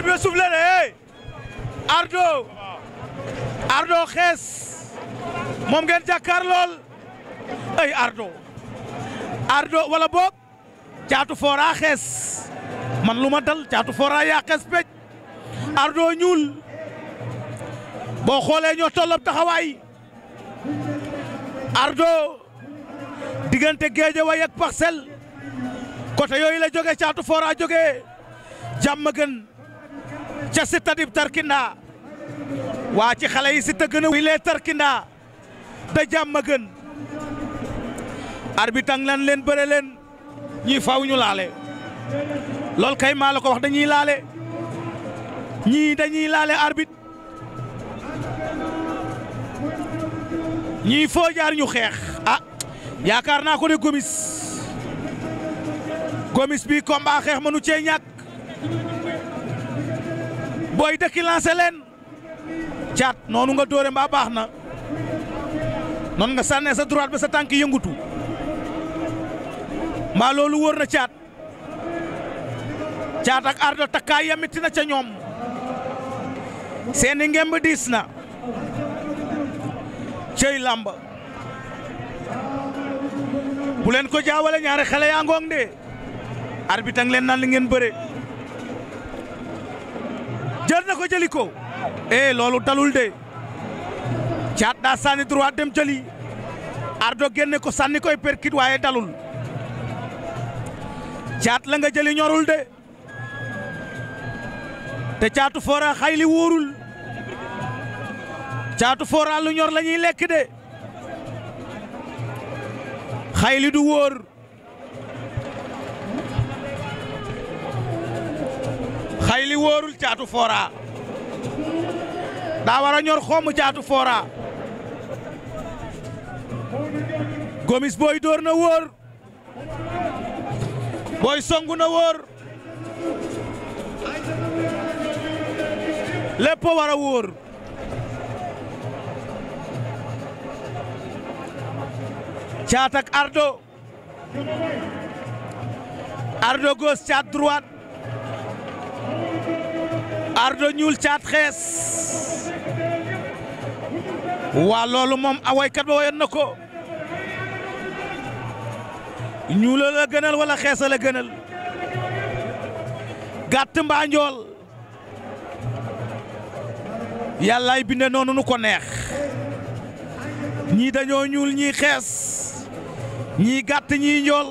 arbitre soufflé na hey Ardo Ardo xees moom ngeen jàkkaar lool ay Ardo Ardo wala boog caatu foora xees man lu ma dal caatu foora yaa xees pej Ardo ñuul boo xoolee ñoo tollab taxawaay Ardo diggante Guédiawaye ak Parcelles côté yooyu la jóge caatu foora jóge jàmm ca Siteu di waa ci xale yi Siteu gën a wilee Tarkinda da jàmm gën arbitang lan leen bëre leen ñii faaw ñu laale lool kay maa la ko wax dañuy laale ñii dañuy laale arbit ñii foo jaar xeex ah yaakaar naa ko de gomis gomis bii combat xeex mënu cee ñàkk booy dëkki lancé leen caat noonu nga dóore mbaa baax na noonu nga sànnee sa droite ba sa tànk yëngutu mbaa loolu wóor na caat caat ak ardo takkaay yamiti na ca ñoom seeni ngemb diis na cëy làmb bu leen ko jaawale ñaari xale yaa ngoog de arbitre leen naan li ngeen bëre jël na ko jëli ko eh loolu dalul de caat daa sànni droit dem jëli ardo génne ko sànni koy perkit waaye dalul caat la nga jëli ñorul de te caatu foora xayli wóorul caatu foora lu ñor lañuy ñuy lekk de xayli du wóor xayli wóorul caatu foora daa wara a ñor xoomu caatu foora gomis booy dóor na wóor booy songu wóor lépp war a wóor caat ardo ardo gauche caat droite ardo ñuul caat xees waa loolu moom a waykat ba wayoon na ko ñuula la gënal wala xeesa la gënal gàtt mbaa njool yàllaay binde nu ko neex ñii dañoo ñuul ñii xees ñii gàtt ñii njool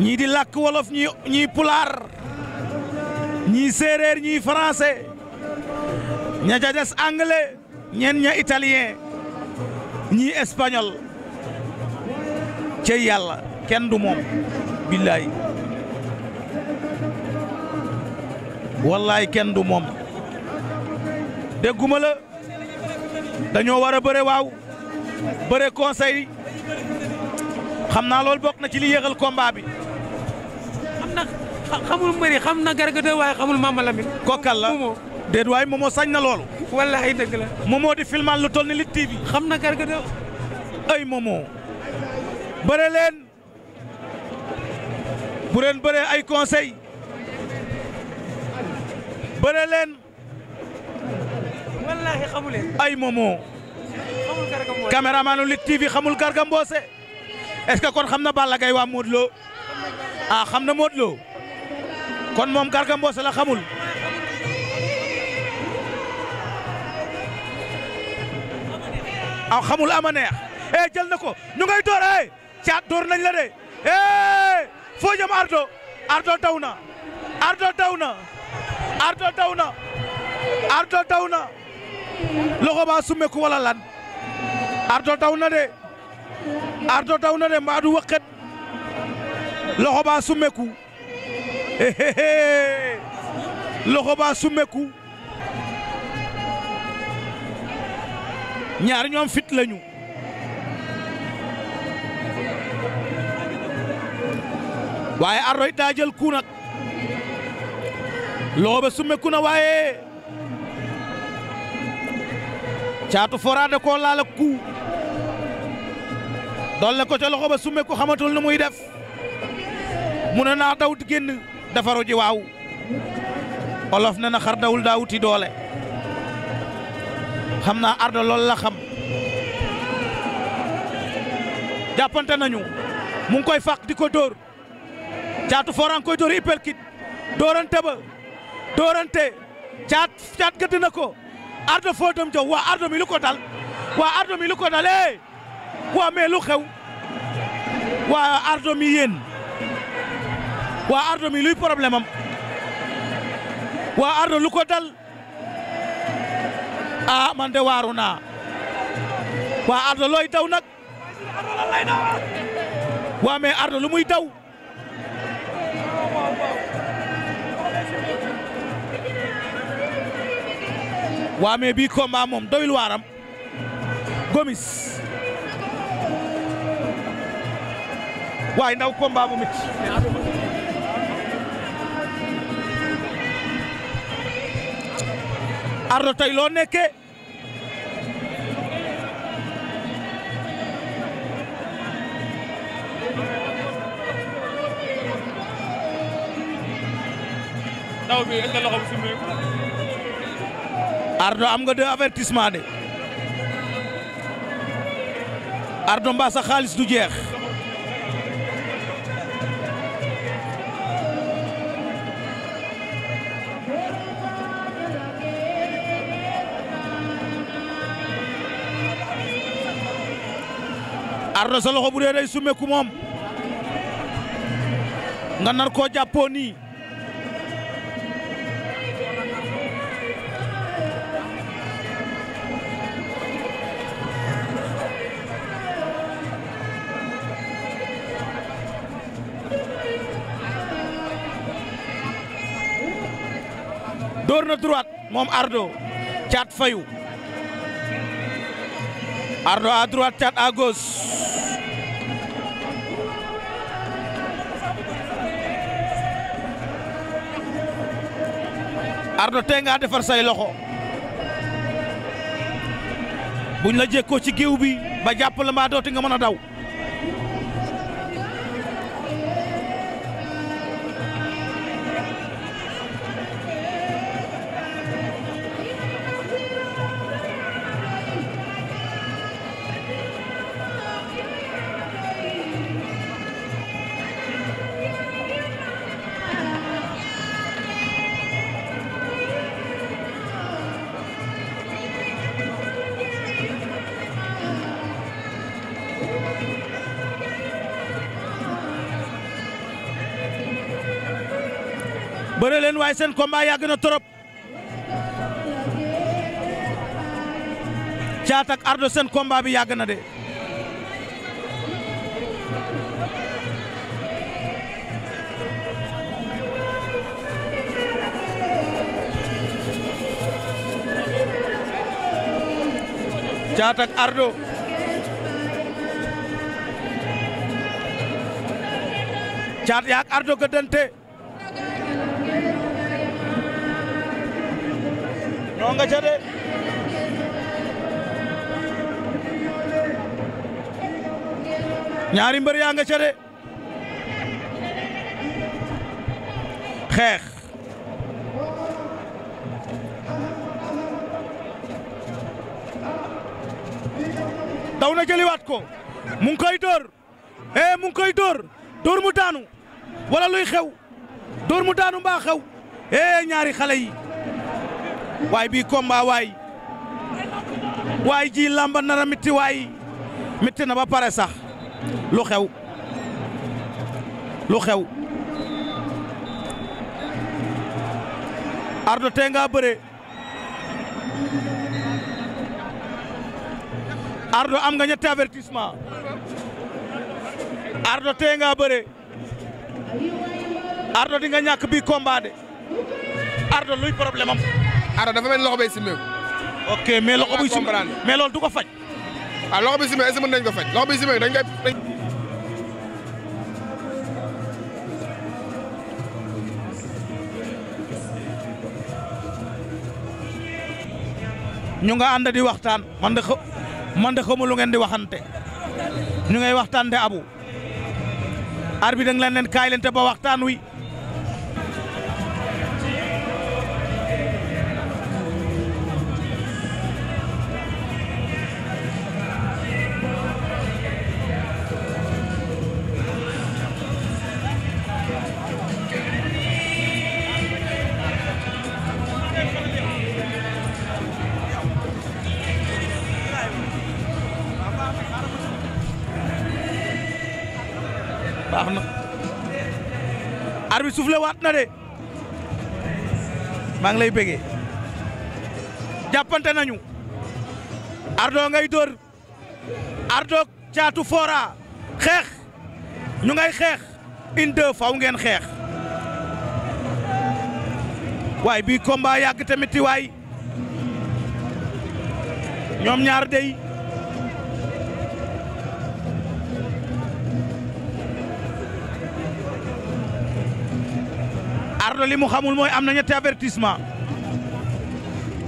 ñii di làkk wolof ñii pulaar ñii séeréer ñii français ña ca des anglais ñen ña italien ñii espagnol cey yàlla kenn du moom billaay wallaay kenn du moom dégguma la dañoo war a bëre waaw bëre conseil xam naa loolu bokk na ci li yéexal combat bi xamul mbëri xam na Garga 2 waaye xamul Mama Lamine. Momo sañ na lool wallaay dëgg Momo di filmal lu ni Lutte TV. xam na Garga 2. ay Momo. bëre leen bu leen bëree ay conseil bëre leen. Momo. xamul Garga Mbossé caméraman Garga Mbossé est kon xam na Balla waa Modou Lo ah xam na Modou kon moom Garga Mbossé la xamul aw ama neex eh jël na ko ñu ngay door eh caat door nañ la de eh foo jëm Ardo Ardo daw na Ardo daw na Ardo daw na Ardo daw na loxo ba summeku wala lan Ardo daw na de Ardo daw na de mbaadu wëqet loxo ba summeku loxo baa summeku ñaar ñoom fit lañu waaye Ardo it daa jël ku nag loxo ba summeku na waaye caatu fora da koo laal ak dolle ko ca loxo ba summeku xamatul nu muy def mu ne naa daw di génn defaru ji waaw olof ne na xar wuti doole xam naa ardo loolu la xam jàppante nañu mu ngi koy fàq di ko dóor caatu foran koy dóor ipel kit dóorante ba dóorante caat caat gëdd na ko ardo foo dem jow waa ardo mi lu ko dal waa ardo mi lu ko dal ee eh. waa mais xew waa ardo mi yéen waa Ardo mi luy problème am waa Ardo lu ko dal ah man waaru naa waa Ardo looy daw nag waa mais Ardo lu muy daw waa mais bii combat moom waaram Gomis waaye ndaw combat Ardo tey loo nekkee ndaw bi Ardo am nga deux avertissement de Ardo mbaa xaalis du jeex Ardo sa loxo bu dee day sumeku moom nga nar koo jàppoo nii door na droite moom Ardo caat fayu Ardo à droite Thiat à gauche Ardo tey nga defar say loxo buñ la jékkoo ci géew bi ba jàpp la mbaa dooti nga mën a daw bëre leen waaye seen combat yàgg na trop caatak ak ardo seen combat bi yàgg na de caatak ak ardo caat yaak ardo gëddante noo nga ca ñaari mbër yaa nga ca xeex taw na jëliwaat ko mu ngi koy dóor eh mu ngi koy dóor dóor mu taanu wala luy xew dóor mu taanu mbaa xew eh ñaari xale yi waay bii combat waay waay ji lamba nara mitti waay mitti na ba pare sax lu xew lu xew ardo tee nga bëre ardo am nga ñetti avertissement ardo tee nga bëre ardo di nga ñàkk bi combat de ardo luy problème Ada dafa mel loxo bay simeeku. ok mais loxo buy simeeku mais loolu du ko faj. waaw ah, loxo bi simeeku est-ce que mën nañu ko faj loxo bi simeeku dañ koy. ñu nga ànd di waxtaan man de man de lu ngeen di waxante ñu ngay waxtaan di abu arbi da nga leen leen kaay leen te ba waxtaan wi arbitre waat na maa ngi lay bëggee jàppante nañu ardo ngay dóor ardo caatu foora xeex ñu ngay xeex une deux faw ngeen xeex waaye bii combat yàgg tamit waay ñoom ñaar dey Ardo li mu xamul mooy am na ñetti avertissement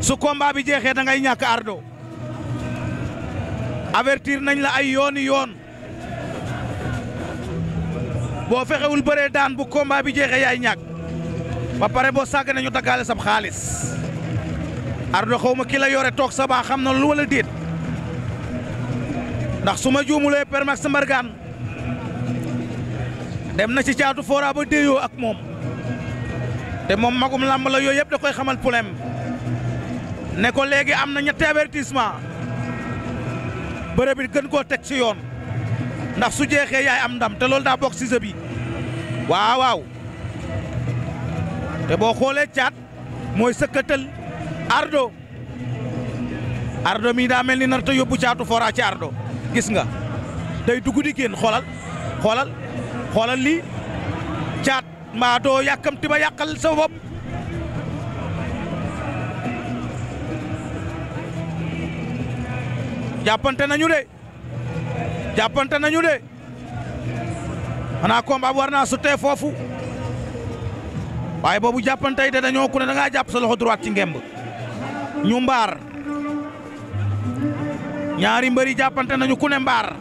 su combat bi jeexee da ngay ñàkk Ardo avertir nañ la ay yooni yoon boo fexewul bëree daan bu combat bi jeexee yaay ñàkk ba pare boo sàgg nañu daggaale sab xaalis Ardo xaw ma ki la yore toog sa baa xam na lu wala déet ndax su ma juumulee Père sa Mbargane dem na ci caatu fora ba déyoo ak moom te moom magum làmb la yooyu yëpp da koy xamal problème ne ko léegi am na ñetti avertissement bëre bi gën koo teg ci yoon ndax su jeexee yaay am ndam te loolu daa bokk ci sa bi waaw te boo xoolee caat mooy sëkkatal ardo ardo mi daa mel ni na ta yóbbu caatu fora ci ardo gis nga day dugg di génn xoolal xoolal xoolal lii caat mbaa doo yàkkamti ba yàqal sa bopp jàppante nañu de jàppante nañu de xanaa combat bu war naa sutee foofu waaye boobu jàppante yi de dañoo ku ne da jàpp sa loxo droite ci ngemb ñu mbaar ñaari mbëri jàppante nañu ku ne mbaar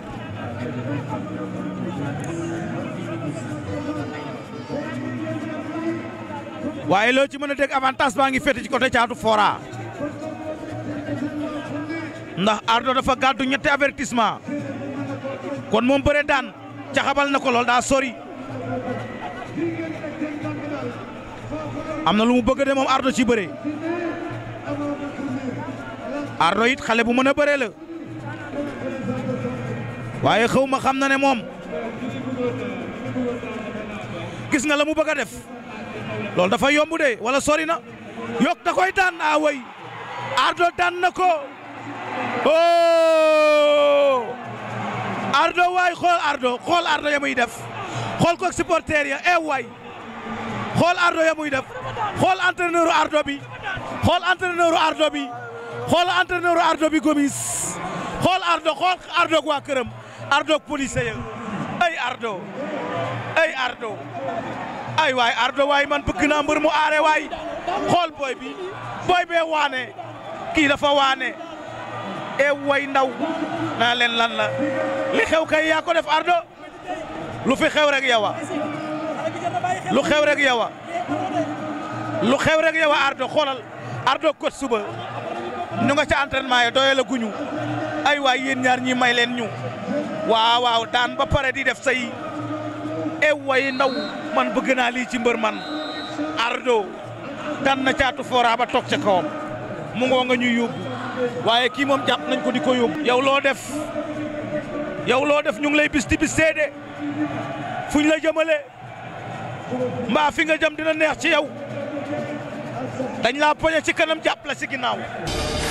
waaye loo ci mën a dégg avantage baa ngi féete ci côté caatu fora ndax ardo dafa gàddu ñetti avertissement kon moom bëre daan caxabal na ko lool daa sori am na lu mu bëgg de moom ardo ci bëre ardo it xale bu mën a bëre la waaye xaw ma xam na ne moom gis nga la mu bëgg a def loolu dafa yomb de wala sori na yok te koy daan a ah way ardo daan na ko oh ardo waay xool ardo xool ardo ya muy def xool ko supporter ya e waay xool ardo ya muy def xool entraîneur ardo bi xool entraîneur ardo bi xool entraîneur ardo bi gomis xool ardo xool ardo waa këram ardo police ya ay ardo ay ardo ay waay Ardo waay man bëgg naa mbër mu aare waay xool booy bi booy bee waane kii dafa waane e way ndaw naa leen lan la li xew kay yaa ko def Ardo lu fi xew rek yow a lu xew rek yow lu xew rek yow Ardo xoolal Ardo kot suba ñu nga ca entraînement yi doyal a guñu ay waay yéen ñaar ñi may leen ñu waaw waaw daan ba pare di def say e way ndaw man bëgg naa lii ci mbër man ardo daan na caatu fooraa ba toog ci kawam mu ngoo nga ñuy yóbbu waaye kii moom jàpp nañ ko di ko yóbbu yow loo def yow loo def ñu ngi lay bis ti bis seede fuñ la jëmale mbaa fi nga jëm dina neex ci yow dañ laa poñe ci kanam jàpp la ci ginnaaw